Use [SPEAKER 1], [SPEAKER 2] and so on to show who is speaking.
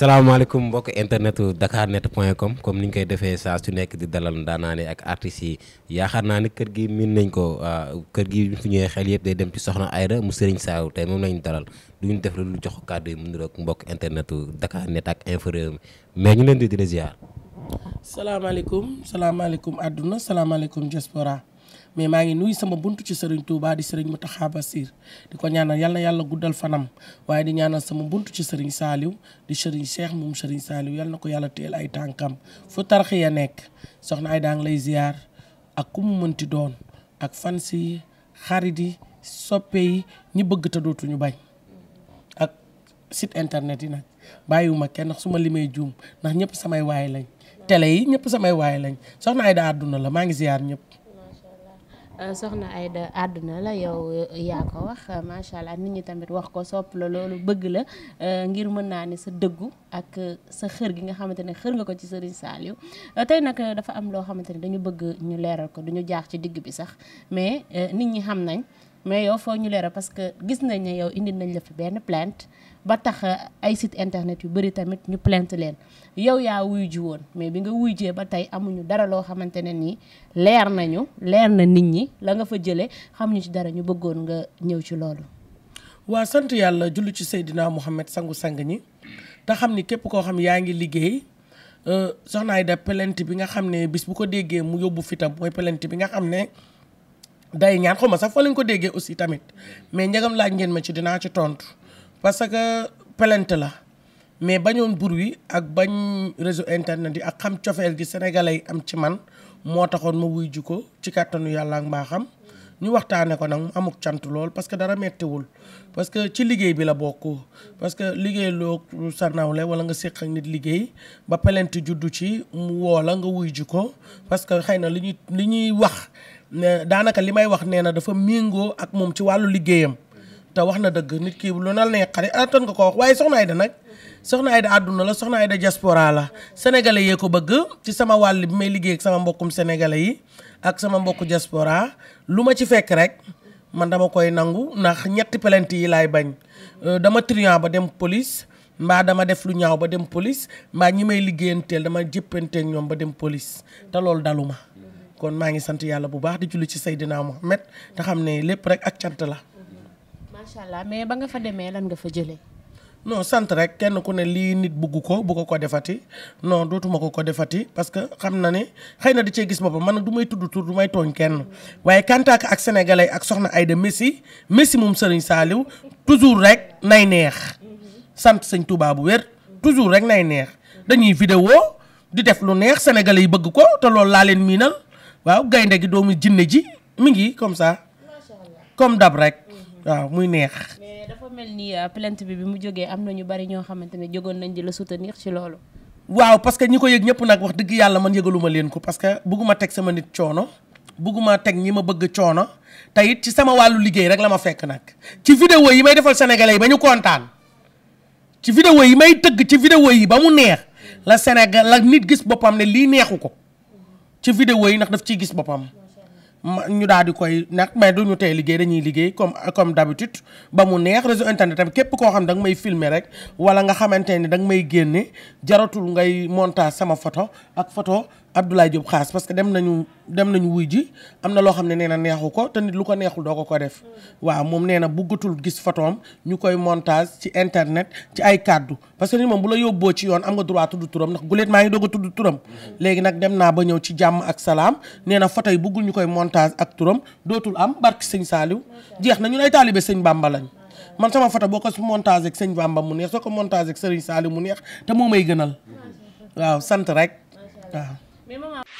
[SPEAKER 1] salaamaaleykum mbokk internet internetu dakarnet.com comme ni ñu koy defee saa su nekk di dalal ndaanaane ak artistes yi yaakaar naa ne kër gi miin nañ ko kër gi fu ñëwee xel yëpp day dem ci soxna Aida mu sëriñ Saaw tey moom lañu dalal du ñu def lu jox kàddu yi mu niroog mbokk internet internetu dakarnet ak info réew mi mais ñu leen di di la ziar. salaamaaleykum salaamaaleykum àdduna salaamaaleykum diaspora mais maa ngi nuy sama buntu ci Serigne Touba di Serigne Mountakha Bassir di ko ñaanal yal na yàlla guddal fanam waaye di ñaanal sama buntu ci Serigne Saliou di Serigne Cheikh moom Serigne Saliou yal na ko yàlla teel ay tànkam fu tarxiya nekk soxna ay daang lay ziar ak ku mu mënti doon ak fan si xarit yi soppe yi bëgg te dootuñu bañ ak site internet yi nag bàyyiwuma kenn su ma limee juum ndax ñëpp samay waay lañ télé ñëpp samay waay lañ soxna ay da àdduna la maa ngi ziar ñëpp
[SPEAKER 2] Euh, soxna ay Aida àdduna la yow euh, yaa ko wax euh, macha allah nit ñi tamit wax ko sopp la loolu bëgg la ngir mën naa ni sa dëggu ak sa xër gi nga xamante ne xër nga ko ci Serigne Saliou tey nag dafa am loo xamante ne dañu bëgg ñu leeral ko du ñu jaax ci digg bi sax mais nit ñi xam nañ. mais yow foo ñu leeral parce que gis nañ ne yow indi nañ la fi benn plainte ba tax ay site internet yu bëri tamit ñu plainte leen yow yaa wuy ji woon mais bi nga wuy jee ba tey amuñu dara loo xamante ne nii leer nañu leer na nit ñi la nga fa jëlee xam ñu ci dara ñu bëggoon nga ñëw ci loolu.
[SPEAKER 1] waa sant yàlla jullu ci Seydina Mouhamed sangu sang ñi te xam ni képp koo xam yaa ngi liggéey. Euh, soxna Aida plainte bi nga xam ne bis bu ko déggee mu yóbbu fitam mooy plainte bi nga xam ne day ñaan xaw ma sax fa lañ ko déggee aussi tamit mais njagam laaj ngeen ma ci dinaa ci tontu parce que plainte la mais bañoon bruit ak bañ réseau internet yi ak xam cofeel gi sénégalais yi am ci man moo taxoon ma wuy ji ko ci kàttanu yàlla ak mbaaxam ñu waxtaane ko nag mu amuk cant lool parce que dara mettiwul parce que ci liggéey bi la bokk parce que liggéey loo sa nawle wala nga séq ak nit liggéey ba pelent juddu ci mu woo la nga wuy ji ko parce que xëy na li ñuy li ñuy wax ne daanaka li may wax nee na dafa méngoo ak moom ci wàllu liggéeyam te wax na dëgg nit kii lu na la neexale attan ah nga ko wax waaye soxna Aida nag soxna Aida àdduna la soxna Aida diaspora la sénégalais yee ko bëgg ci sama wàll bi may liggéey ak sama mbokkum sénégalais yi ak sama mbokku diaspora lu ma ci fekk rek man dama koy nangu ndax ñetti plainte yi laay bañ euh, dama trian ba dem police mbaa dama def lu ñaaw ba dem police mbaa ñi may liggéeyanteel dama jëppanteeg ñoom ba dem police te loolu dalu ma kon maa ngi sant yàlla bu baax di julli ci say Seydina Mohamed te xam ne lépp rek ak cant la.
[SPEAKER 2] demee lan nga jëlee.
[SPEAKER 1] non sant rek kenn ku ne lii nit bugg ko bu ko ko defati non dootuma ko ko defati parce que xam na ne xëy na da cee gis boppam man du may tudd tur du may tooñ kenn waaye kantaak ak sénégalais ak soxna da Messi Messi moom Serigne Saliou toujours rek nay neex sant sëñ Touba bu wér toujours rek nay neex dañuy vidéo di def lu neex sénégalais yi bëgg ko te loolu laa leen miinal waaw gaynde gi doomu jinne ji mi ngi comme ça comme dab rek. waaw muy neex. mais
[SPEAKER 2] dafa mel ni euh, plainte bi bi mu jógee am na ñu bari ñoo xamante ne jógoon nañ di la neex ci loolu.
[SPEAKER 1] waaw parce que ñi ko yëg ñëpp nag wax dëgg yàlla man yëgaluma leen ko parce que bëgguma teg sama nit coono bëgguma teg ñi ma bëgg coono te it ci sama wàllu liggéey rek la ma fekk nag ci vidéo yi may defal sénégalais yi ba ñu kontaan ci vidéo yi may tëgg ci vidéo yi ba mu neex la Sénégal la nit gis boppam ne lii neexu ko ci vidéo yi ndax daf ciy gis boppam. ñu daal di koy nag mais du ñu tey liggéey dañuy liggéey comme comme d'habitude ba mu neex réseau internet tamit képp koo xam da nga may filmer rek wala nga xamante ni danga may génne jaratul ngay montage sama photo ak photo Abdoulaye Diop Khass parce que dem nañu dem nañu wuy ji am na loo xam ne nee na neexu ko te nit lu ko neexul doo ko ko def waaw moom nee na bëggatul gis photoom ñu koy montage ci internet ci ay kàddu parce que nit moom bu la yóbboo ci yoon am nga droit tudd turam ndax guleet maa ngi doog a tudd turam léegi nag dem naa ba ñëw ci jàmm ak salaam nee na photo yi bëggul ñu koy montage ak turam dootul am barki sëñ Saaliw jeex na ñun ay taalibe sëñ Bàmba lañ man sama photo boo ko montage ak sëñ mu neex soo ko montage ak sëriñ mu neex te moo may gënal sant rek
[SPEAKER 2] waaw